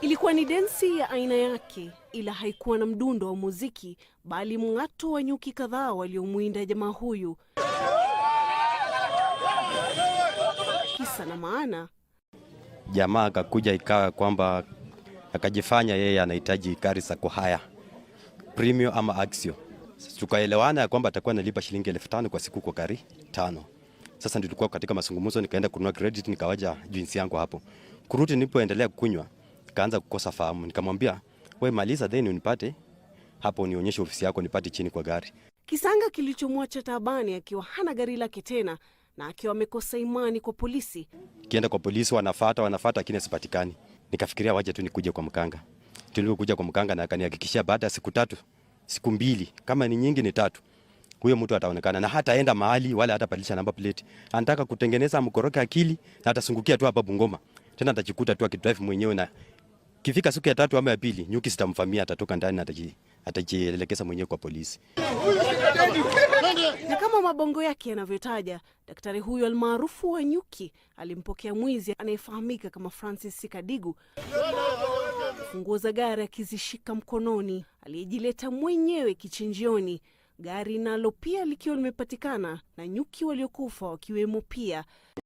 Ilikuwa ni densi ya aina yake, ila haikuwa na mdundo wa muziki, bali mng'ato wa nyuki kadhaa waliomwinda jamaa huyu. Kisa na maana, jamaa akakuja, ikawa kwamba akajifanya yeye anahitaji gari za kuhaya premium ama axio. Tukaelewana ya kwamba atakuwa analipa shilingi elfu tano kwa siku kwa gari tano. Sasa ndilikuwa katika mazungumzo, nikaenda kununua credit, nikawaja jinsi yangu hapo kurudi, nilipoendelea kunywa nikaanza kukosa fahamu, nikamwambia we maliza, then unipate hapo, nionyeshe ofisi yako, nipate chini kwa gari. Kisanga kilichomwacha Tabani akiwa hana gari lake tena na akiwa amekosa imani kwa polisi. Kienda kwa polisi, wanafata wanafata, lakini asipatikani. Nikafikiria waje tu nikuje kwa mkanga. Tulipokuja kwa mkanga, na akanihakikishia baada ya siku tatu, siku mbili, kama ni nyingi ni tatu, huyo mtu ataonekana na hataenda mahali wala hatabadilisha namba plate. Anataka kutengeneza mkoroke akili na atasungukia tu hapa Bungoma, tena atajikuta tu akidrive mwenyewe na Ikifika siku ya tatu ama ya pili, nyuki sitamvamia, atatoka ndani, atajielekeza mwenyewe kwa polisi. Na kama mabongo yake yanavyotaja, daktari huyu almaarufu wa nyuki alimpokea mwizi anayefahamika kama Francis Sikadigu funguo za gari akizishika mkononi, aliyejileta mwenyewe kichinjioni, gari nalo pia likiwa limepatikana na nyuki waliokufa wakiwemo pia